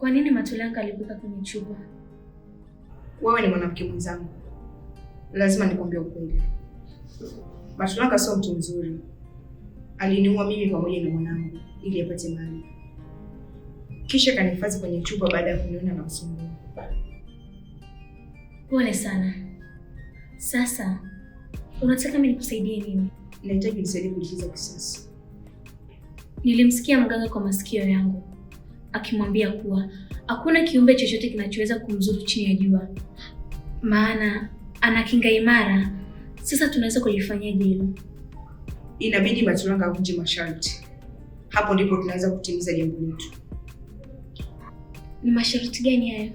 Kwa nini Matulanga alipika kwenye chupa? Wewe ni mwanamke mwenzangu, lazima nikwambie ukweli. Matulanga sio mtu mzuri, aliniua mimi pamoja na mwanangu ili apate mali, kisha kanihifadhi kwenye chupa baada ya kuniona na kusumbua. Pole sana. Sasa unataka mimi nikusaidie nini? Nahitaji unisaidie kulipiza kisasi. Nilimsikia mganga kwa masikio yangu akimwambia kuwa hakuna kiumbe chochote kinachoweza kumzuru chini ya jua, maana ana kinga imara. Sasa tunaweza kulifanyia hilo? Inabidi Maturanga avunje masharti, hapo ndipo tunaweza kutimiza jambo letu. Ni masharti gani hayo?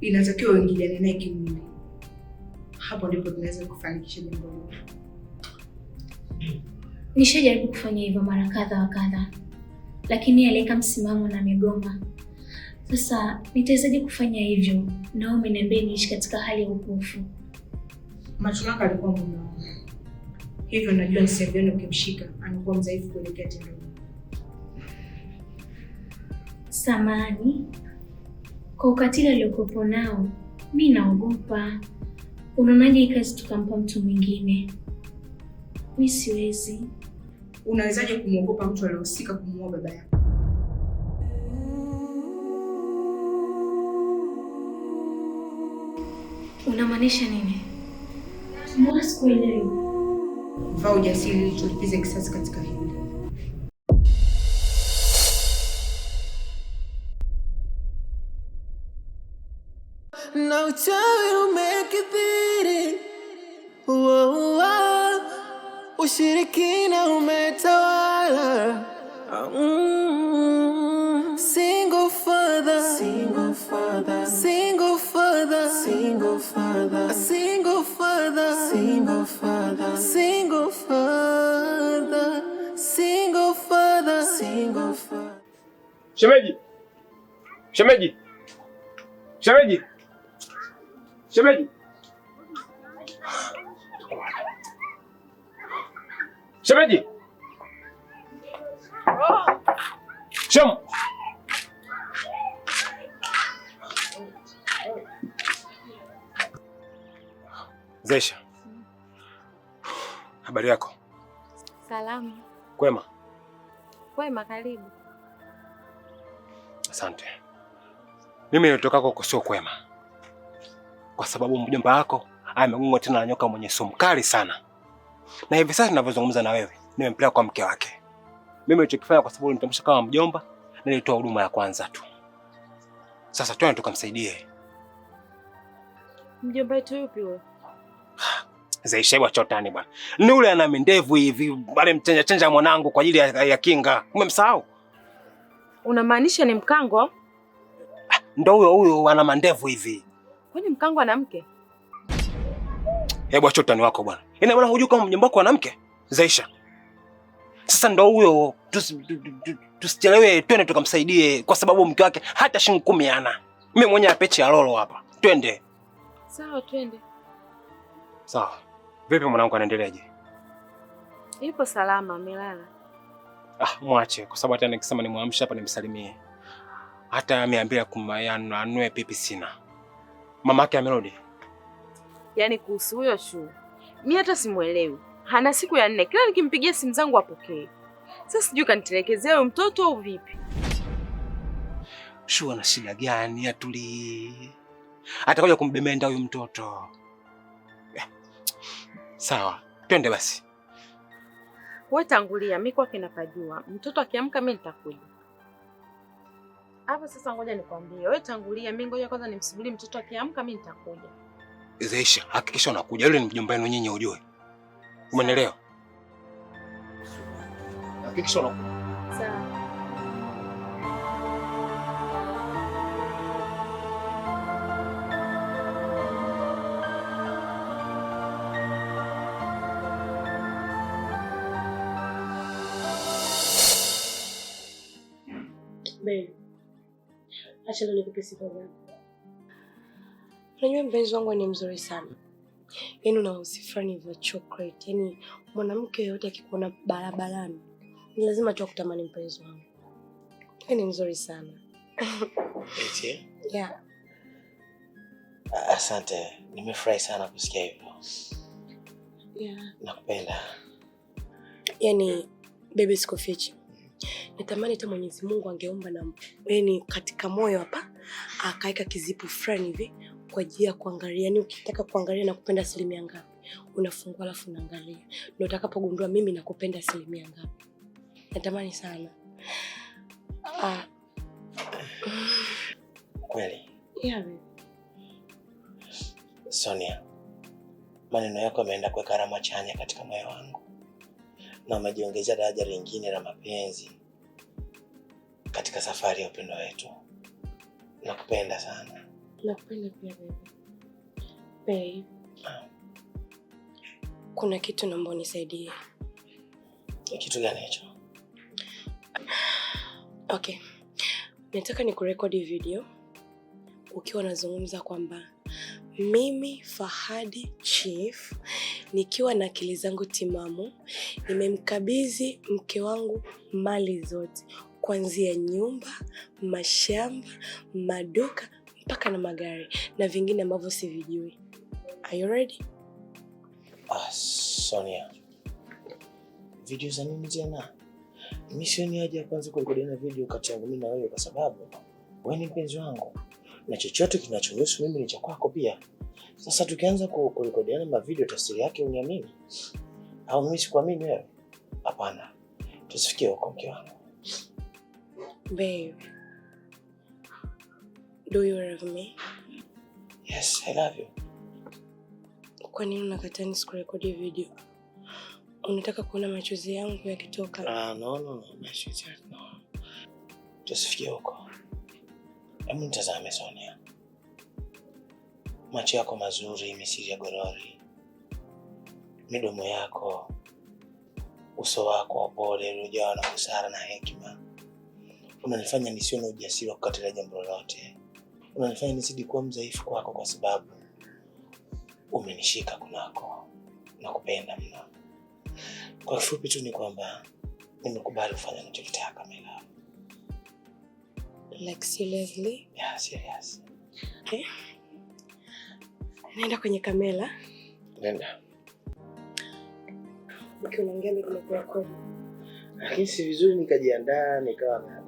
Inatakiwa uingiliane naye kimwili, hapo ndipo tunaweza kufanikisha jambo letu. Nishajaribu kufanya hivyo mara kadha wa kadha lakini aliweka msimamo na migoma Sasa nitawezaje kufanya hivyo na umeniambia niishi katika hali ya upofu? Macho yako alikuwa mume wangu, hivyo najua ni sehemu ukimshika anakuwa mdhaifu kuelekea tendo. Samani kwa ukatili aliokopo nao, mi naogopa. Unaonaje kazi tukampa mtu mwingine? Mi siwezi unawezaje kumwogopa mtu aliyehusika kumuua baba yako? Unamaanisha nini? Mbona sikuelewi? Vaa ujasiri tulipize kisasi katika hili. Na uchawi umekithiri. Wow. Ushirikina umetawala mm. Single Single Single Single single Single Single Single Single Shemeji Shemeji Shemeji Shemeji Shemeji. Shom. Zesha. Habari yako? salam Kwema? Kwema, karibu. Asante. Mimi nilitoka kwako sio kwema, kwa sababu mjomba wako amegongwa tena na nyoka mwenye sumu kali sana na hivi sasa ninavyozungumza na wewe nimempeleka kwa mke wake. Mimi nilichokifanya kwa sababu nitamsha kama mjomba, nilitoa huduma ya kwanza tu. Sasa twende tukamsaidie mjomba wetu. Yupi wewe? Zaishaiwa chotani bwana, ni yule ana mindevu hivi bale mchenja chenja mwanangu kwa ajili ya, ya kinga. Umemsahau? Unamaanisha ni mkango? Ndo huyo huyo, ana mandevu hivi. Kwani mkango ana mke? Hebu achotani wako bwana Ina maana hujui kama mjomba wako mwanamke Zaisha. Sasa ndo huyo, tusichelewe, twende tukamsaidie, kwa sababu mke wake hata shilingi kumi ana. Mimi mwenye apechi ya lolo hapa, twende. Sawa, twende. Sawa. Vipi mwanangu, anaendeleaje? Yupo salama, amelala. Ah, mwache kwa sababu hata nikisema nimwamshe hapa nimsalimie, hata ameambia anue pipi sina. Mamake amerudi? Yaani kuhusu huyo shule mimi hata simuelewi, hana siku ya nne, kila nikimpigia simu zangu apokee. Sasa sijui kanitelekezea huyo mtoto au vipi? Shua na shida gani? Atulii atakuja kumbemenda huyo mtoto eh, Sawa, twende basi. Wewe tangulia, mimi kwake napajua. Mtoto akiamka mimi nitakuja hapo. Sasa ngoja nikwambie, wewe tangulia, mimi ngoja kwanza nimsubiri mtoto akiamka, mimi nitakuja. Zeisha, hakikisha unakuja. Yule ni mjomba wenu nyinyi, ujue. Umenielewa? Hakikisha unakuja. Sawa. Babe, acha nikupe sifa zangu. Unajua mpenzi wangu ni mzuri sana, yaani una usi fulani vya chocolate, yaani mwanamke yoyote akikuona barabarani ni lazima tu akutamani mpenzi wangu, yaani ni mzuri sana eti? Yeah. Asante, nimefurahi sana kusikia hivyo. Yeah. Nakupenda. Yaani baby, sikufichi, natamani hata Mwenyezi Mungu angeumba na yaani katika moyo hapa akaweka kizipu fulani hivi kwa ajili ya kuangalia. Yani ukitaka kuangalia na kupenda asilimia ngapi, unafungua alafu unaangalia, ndio utakapogundua mimi nakupenda asilimia ngapi. Natamani sana ah. Kweli yeah. Sonia, maneno yako yameenda kuweka alama chanya katika moyo wangu na umejiongezea daraja lingine la mapenzi katika safari ya upendo wetu. Nakupenda sana. Nakupenda pia babe. Kuna kitu naomba unisaidie. Kitu gani hicho? Okay. Nataka nikurekodi video ukiwa unazungumza kwamba mimi Fahadi Chief nikiwa na akili zangu timamu nimemkabidhi mke wangu mali zote kuanzia nyumba, mashamba, maduka mpaka na magari na vingine ambavyo sivijui. Are you ready? Ah, Sonia. Video za nini tena? Mimi sioni haja ya kwanza na video kati yangu mimi na wewe kwa sababu wewe ni mpenzi wangu na chochote kinachohusu mimi ni cha kwako pia. Sasa tukianza kurekodiana ma video tafsiri yake uniamini? Au mimi sikuamini wewe? Hapana. Tusifikie huko mke wangu. Babe. Do you love me? Yes, I love you. Kwa nini unakataa nisikurekodi video? Unataka kuona machozi yangu yakitoka? Ah, no, no, no. Machozi yako. No. Tusifikie huko. Hebu nitazame Sonia. Macho yako mazuri, misiri ya gorori, midomo yako, uso wako wa pole uliojawa na busara na hekima unanifanya nisio na ujasiri wa kukatalia jambo lolote unanifanya nizidi kuwa mdhaifu kwako, kwa sababu umenishika kunako na kupenda mno. Kwa kifupi tu ni kwamba nimekubali kufanya nachokitaka Mela. Like seriously? Yeah, serious. Okay. Naenda kwenye kamera. Nenda. Ukiongea mimi mikono yako. Lakini si vizuri nikajiandaa nikawa na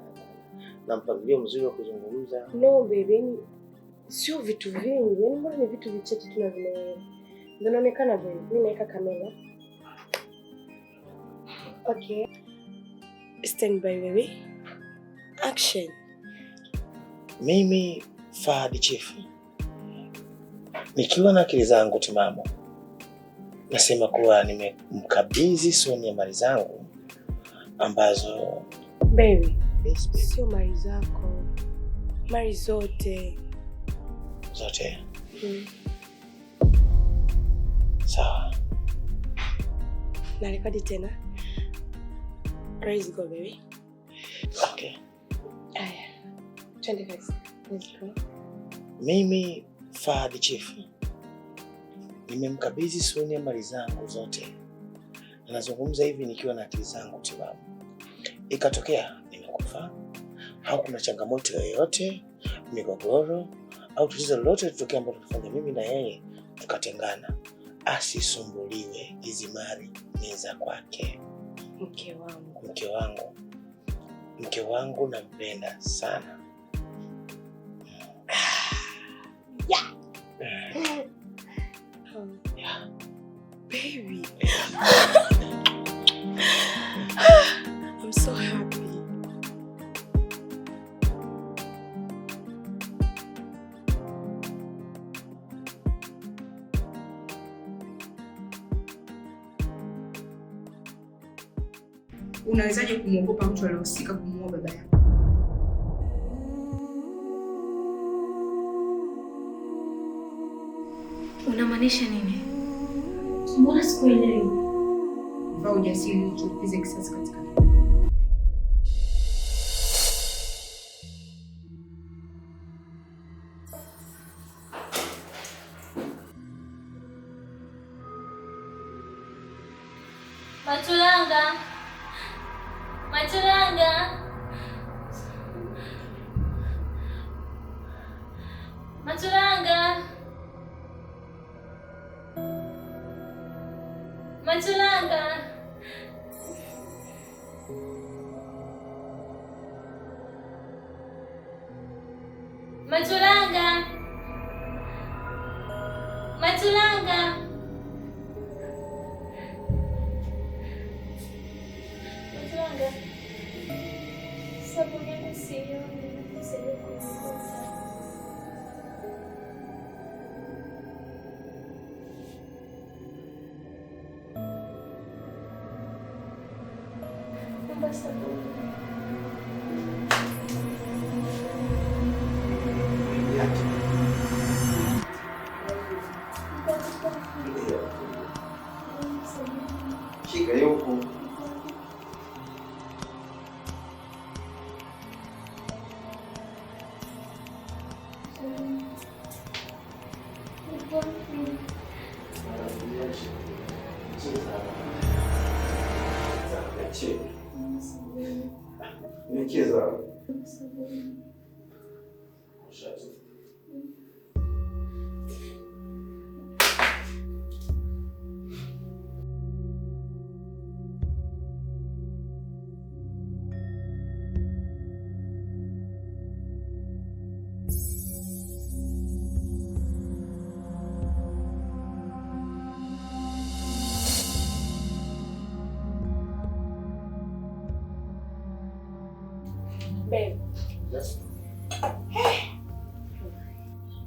na mpangilio mzuri wa kuzungumza. No baby, sio vitu vingi, yani mbona ni vitu vichache tu na vinaelewa. Vinaonekana vile. Mimi naweka kamera. Okay. Stand by baby. Action. Mimi Fahad Chief nikiwa na akili zangu timamu nasema kuwa nimemkabidhi Sonia mali zangu ambazo baby Facebook. Sio mali zako, mali zote zote. Hmm. Sawa, narekodi tena. Praise God baby. Okay. Aya, twende kazi. Mimi Fahad Chief nimemkabidhi Suni ya mali zangu zote. Nazungumza hivi nikiwa na akili zangu timamu. Ikatokea maafa hakuna changamoto yoyote, migogoro au tatizo lolote litokea ambalo tutafanya mimi na yeye tukatengana, asisumbuliwe. Hizi mali ni za kwake. Mke wangu, mke wangu, mke wangu nampenda sana. Yeah. Mm. yeah. Baby. I'm so happy. unawezaje kumwogopa mtu aliyehusika kumuua baba yako? Unamaanisha nini? Mbona sikuelewi? Vaa ujasiri, ulipize kisasi katika Amanda. Se a mulher possível, a menina possível comigo voltar. Não basta tudo.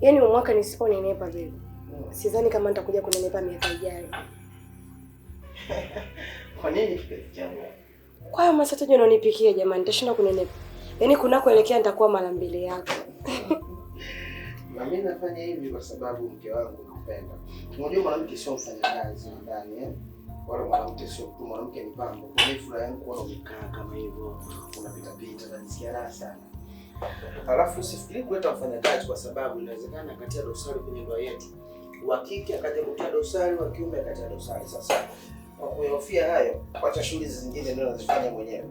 Yaani mwaka nisiponenepa vile. Sidhani kama nitakuja kunenepa miaka ijayo. Kwa nini kwa hiyo masataji unaonipikia jamani, nitashinda kunenepa. Yaani kunakoelekea nitakuwa mara mbili yako. Mimi nafanya hivi kwa sababu mke wangu nakupenda. Unajua mwanamke sio mfanyakazi ndani eh? Wala mwanamke sio mtu, mwanamke ni pambo. Kwa hiyo furaha yangu kuona umekaa kama hivyo, unapita pita, najisikia raha sana. Halafu sifikiri kuleta mfanyakazi kwa sababu inawezekana akatia dosari kwenye ndoa yetu, wa kike akaja kutia dosari, wa kiume akatia dosari. Sasa kwa kuhofia hayo, wacha shughuli zingine ndio nazifanya mwenyewe.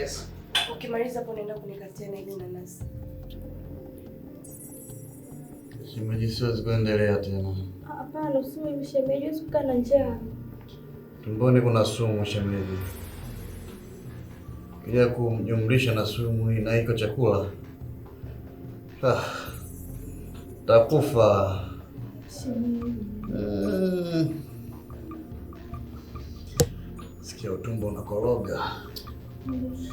Yes. Ukimaliza hapo naenda kunikatia na ile nanasi. Shemeji, siwezi kuendelea tena. Hapana, usiwe mshemeji, usikukaa na njaa. Tumboni kuna sumu shemeji ya kumjumlisha na sumu na iko chakula ah, takufa mm. Sikia utumbo unakoroga mm.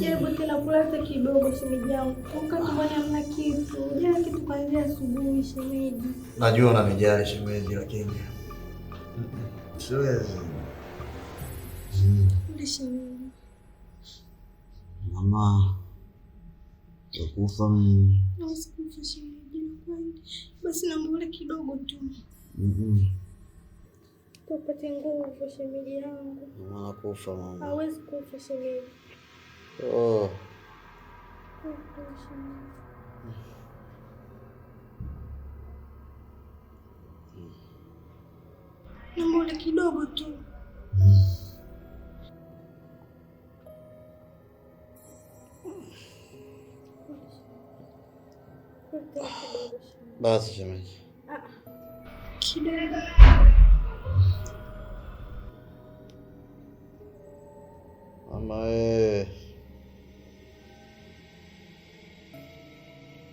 Jaribu tena kula hata kidogo shemeji yangu, wakati hamna kitu, jana kitu kuanzia asubuhi shemeji. Najua unanijali shemeji, lakini siwezi. Mama takufa. Sikufa shemeji, basi naomba kidogo tu tupate nguvu. Shemeji yangu mama nakufa. Mama hawezi kufa shemeji. Oh, naomba kidogo tu. Mm. Basi shemeji, ama wewe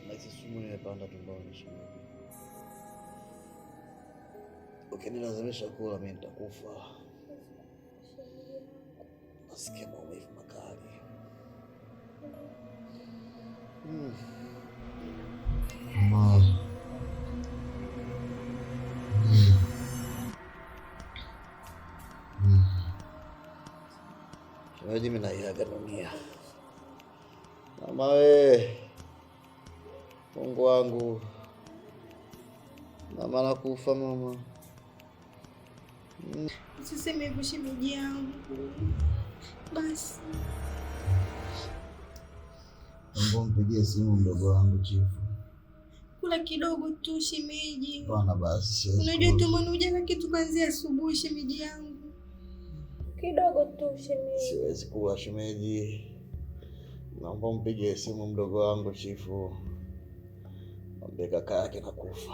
naisi nimepanda tumboni shemeji, ukinilazimisha kula mimi nitakufa, nasikia maumivu Tanzania. Mama we, Mungu wangu, mama nakufa mm. mama. Usiseme hivyo shemeji yangu, basi Mbona mpigie simu mdogo wangu chifu? Kula kidogo tu shemeji. Bwana basi. Unajua tumeuja na kitu kuanzia asubuhi shemeji yangu kidogo tu shemeji. Siwezi kuwa shemeji, naomba mpige simu mdogo wangu chifu, mwambie kaka yake nakufa.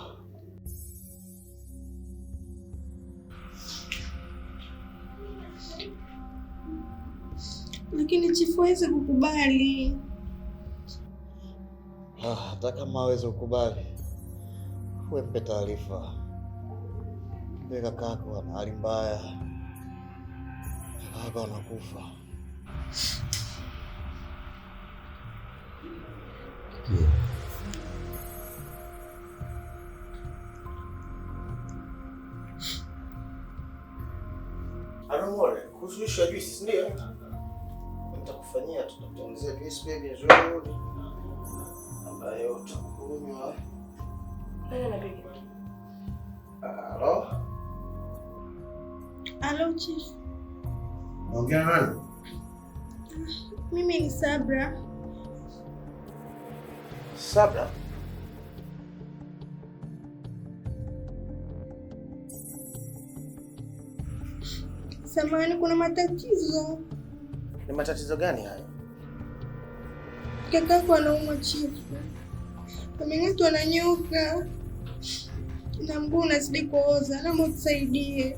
Lakini chifu aweze kukubali. Ah, hata ah, kama aweze kukubali, wempe taarifa, mbe kakako ana hali mbaya hapa unakufa. nitakufanyia, tutakutengenezea juisi bebi nzuri ambayo utakunywa. Halo, halo chifu Naongea nani? Mimi ni Sabra. Sabra? samani kuna matatizo. Ni matatizo gani hayo? Kakako anaumwa chifu, amengatwa na nyoka na mguu unazidi kuoza, naomba utusaidie.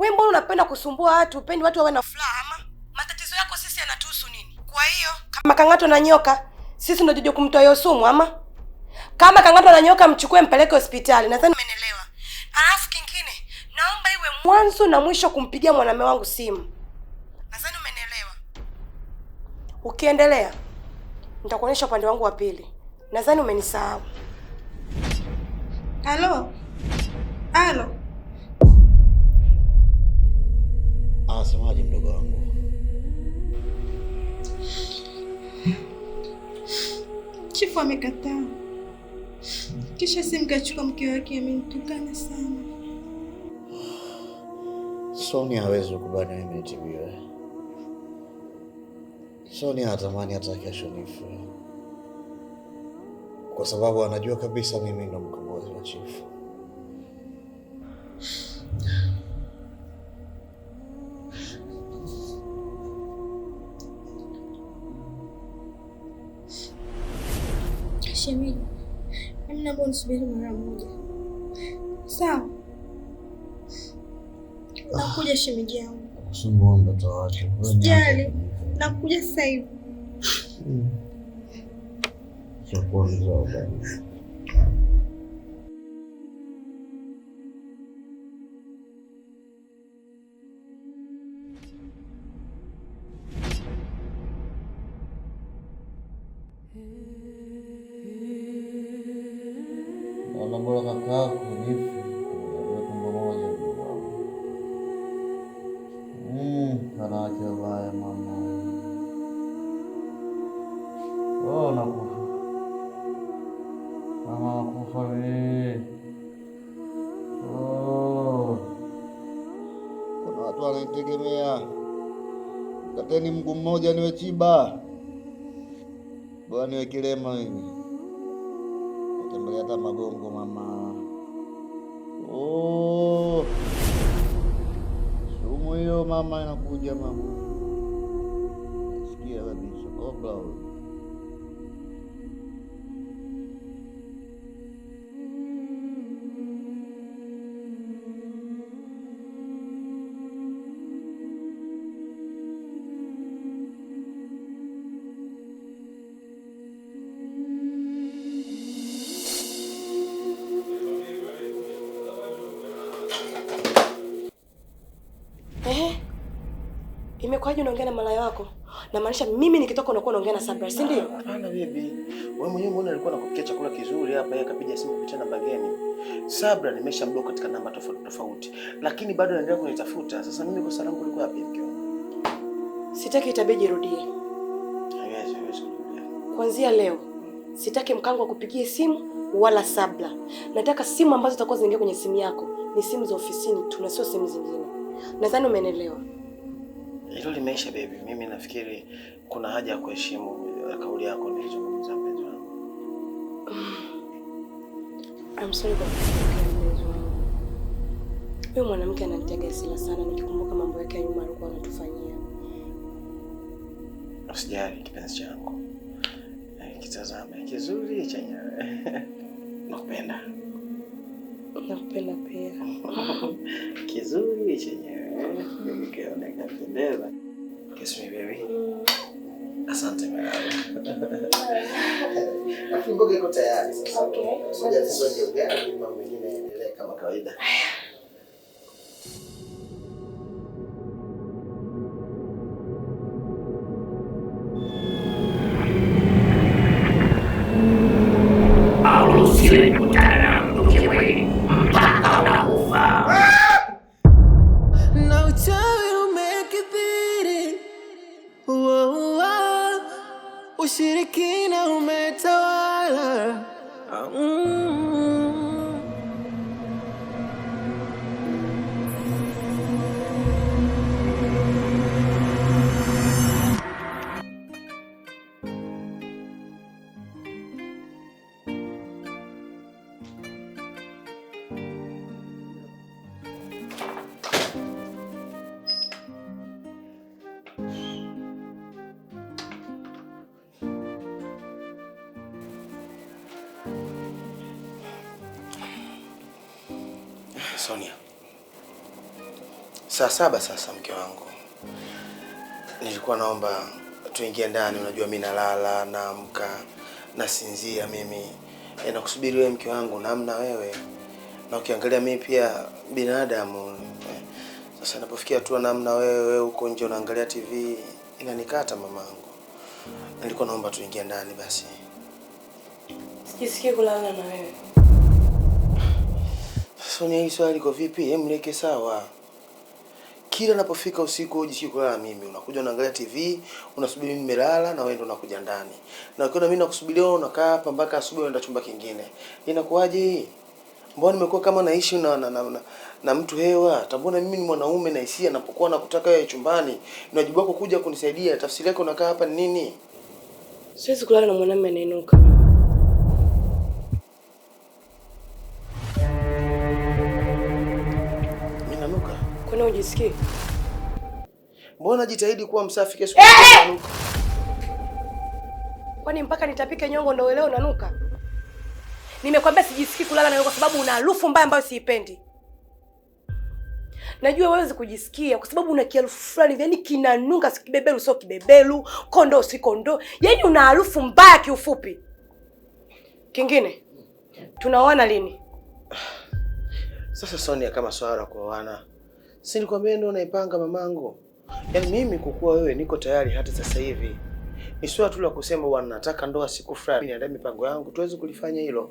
We mbona unapenda kusumbua watu? Upendi watu wawe na furaha ama? Matatizo yako sisi yanatuhusu nini? Kwa hiyo kama kang'atwa na nyoka, sisi ndio tuje kumtoa hiyo sumu ama? Kama kang'atwa na nyoka, mchukue mpeleke hospitali. Nadhani umeelewa. Alafu kingine, naomba iwe mwanzo na mwisho kumpigia mwanamume wangu simu. Nadhani umeelewa. Ukiendelea, nitakuonyesha upande wangu wa pili. Nadhani umenisahau. Halo. Halo. Chifu amekataa, kisha simu kachukua, mke wake amenitukana sana. Soni hawezi kubana mimi nitibiwe. Soni anatamani hata kesho nife, kwa sababu anajua kabisa mimi ndo mkombozi wa Chifu. naomba unisubiri mara moja. Sawa, nakuja shemeji yangu. Kusumbua mtoto wake. Sijali, nakuja sasa hivi. Hmm. ngoja niwe chiba, bora niwe kilema mimi. Natembelea hata magongo mama. Oh, sumu hiyo mama inakuja mama, sikia kabisa obla unakuwaje unaongea na malaya wako? Namaanisha mimi nikitoka unakuwa unaongea na Sabra, si ndio? Hapana bibi, Wewe mwenyewe mbona alikuwa anakupikia chakula kizuri hapa, yeye akapiga simu kupitia namba gani? Sabra nimeshamblok katika namba tofauti tofauti, lakini bado anaendelea kunitafuta. Sasa mimi kwa salamu kulikuwa wapi mkeo? Sitaki itabidi irudie. Haiwezi, haiwezi kurudia. Kuanzia leo sitaki mkango akupigie simu wala Sabla. Nataka simu ambazo zitakuwa zinaingia kwenye simu yako ni simu za ofisini tu na sio simu zingine. Nadhani umeelewa. Hilo limeisha baby. Mimi nafikiri kuna haja ya kuheshimu kauli yako nilizungumza mpenzi wangu. I'm sorry kwa mpenzi wangu. Huyo mwanamke ananitega hasira sana nikikumbuka mambo yake ya nyuma alikuwa anatufanyia. Usijali kipenzi changu. Eh, kitazame kizuri chenye nakupenda nakupenda pia. Kizuri chenyewe kioneka Kiss me baby. Asante mwanangu. Mboga iko tayari sasa. Okay. Ngoja tusoje ugali, mambo mengine yaendelee kama kawaida. Sonia, saa saba sasa, mke wangu, nilikuwa naomba tuingie ndani. Unajua mi nalala, naamka, nasinzia mimi e, nakusubiri wewe mke wangu, namna wewe na ukiangalia mimi pia binadamu e. Sasa napofikia tu namna wewe huko nje unaangalia TV inanikata mamangu, nilikuwa naomba tuingie ndani basi, sijisikii kulala na wewe Sonia, hii swali liko vipi? Hem, niweke sawa. Kila unapofika usiku hujishi kulala mimi, unakuja unaangalia TV, unasubiri mimi nimelala na wewe ndio unakuja ndani. Na ukiona mimi nakusubiri wewe unakaa hapa mpaka asubuhi unaenda chumba kingine. Inakuwaje hii? Mbona nimekuwa kama naishi na na, na, na, na mtu hewa? Tambona mimi ni mwanaume na hisia napokuwa nakutaka wewe chumbani. Ni wajibu wako kuja kunisaidia. Tafsiri yake unakaa hapa ni nini? Siwezi kulala na mwanamume anainuka. Kwani ujisikii? Mbona jitahidi kuwa msafi kesho. Hey! Kwani mpaka nitapike nyongo ndio leo nanuka? Nimekwambia sijisikii kulala nawe kwa sababu una harufu mbaya ambayo siipendi. Najua wawezi kujisikia kwa sababu una kiharufu fulani, yaani kinanuka, si kibeberu, sio kibebelu, kondoo si kondoo, yaani una harufu mbaya kiufupi. Kingine tunaoana lini? Sasa Sonia, kama swala la kuoana Si nilikwambia ndio unaipanga mamangu. Yaani mimi kukua wewe niko tayari hata sasa hivi. Ni swala tu la kusema bwana, nataka ndoa siku fulani, niandae mipango yangu, tuweze kulifanya hilo.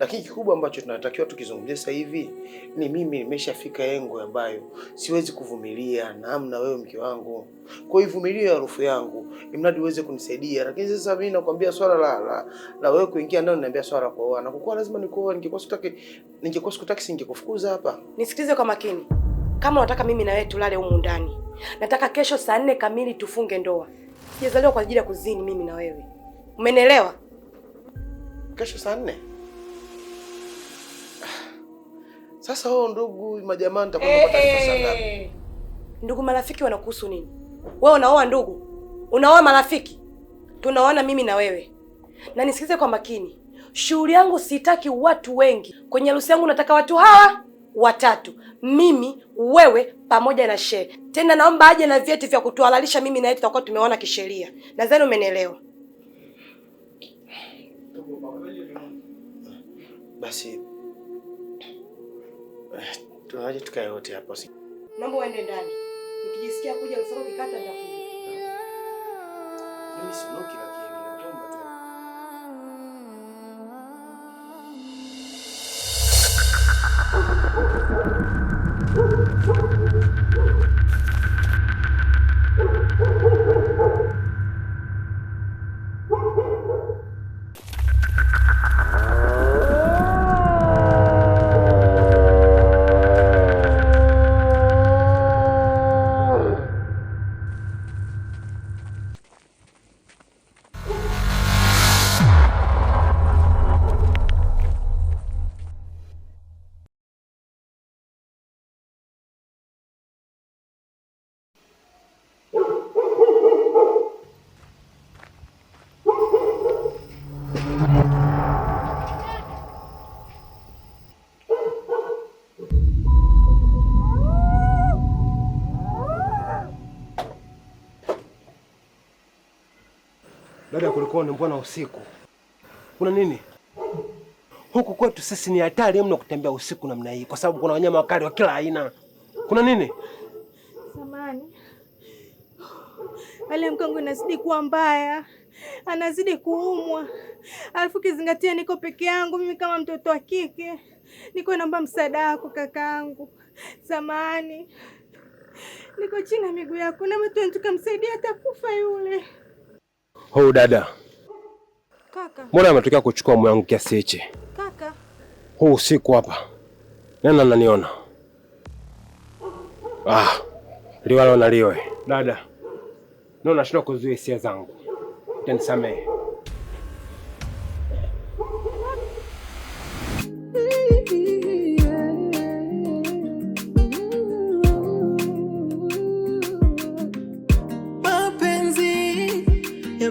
Lakini kikubwa ambacho tunatakiwa tukizungumzia sasa hivi ni mimi nimeshafika engo ambayo siwezi kuvumilia namna wewe mke wangu. Kwa hiyo vumilia harufu yangu, imradi uweze kunisaidia. Lakini sasa mimi nakwambia swala la, la, la wewe kuingia ndani unaniambia swala kwa kuoa. Na kwa lazima nikuoa, ningekuwa sitaki, ningekuwa sikutaki singekufukuza hapa. Nisikilize kwa makini. Kama unataka mimi na wewe tulale humu ndani, nataka kesho saa nne kamili tufunge ndoa. Sijazaliwa kwa ajili ya kuzini mimi na wewe, umenielewa? Kesho saa nne. Sasa wewe ndugu, majamaa nitakwenda kupata taarifa eh, hey, ngapi? Eh, eh. Ndugu marafiki wanakuhusu nini? Wewe unaoa ndugu, unaoa marafiki, tunaoana mimi na wewe. Na nisikize kwa makini, shughuli yangu sitaki watu wengi kwenye harusi yangu, nataka watu hawa watatu, mimi, wewe pamoja na shehe. Tena naomba aje na vyeti vya kutuhalalisha mimi na yeye, tutakuwa tumeona kisheria. Nadhani umenielewa. Basi eh, tunaje, tukae wote hapo, si Mambo uende ndani, nikijisikia kuja usiku kikata nitakuja. Mimi sinoki. Thank you. ulikuwa mbona usiku. Kuna nini? Huku kwetu sisi ni hatari mno kutembea usiku namna hii, kwa sababu kuna wanyama wakali wa kila aina. Kuna nini? Samani, ale mkongo mke inazidi kuwa mbaya, anazidi kuumwa, alafu kizingatia niko peke yangu. Mimi kama mtoto wa kike niko naomba msaada wako kakaangu. Samani, niko chini ya miguu yako, nama tukamsaidia atakufa yule. Hou dada. Kaka. Mbona ametokea kuchukua moyo wangu kiasi hichi? Kaka. Huu usiku hapa. Nani ananiona? Ah. Liwalo na liwe. Dada. nona nashindwa kuzuia hisia zangu. Utanisamehe.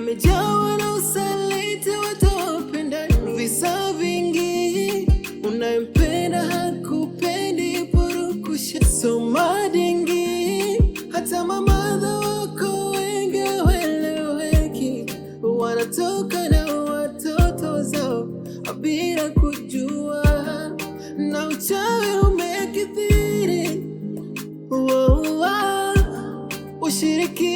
Nimejawa na usaliti, watawapendana visa vingi, unayempenda hakupendi, purukusha soma dingi, hata mamadha wako wengi hawaeleweki, wanatoka na watoto zao bila kujua, na uchawi umekithiri, ushiriki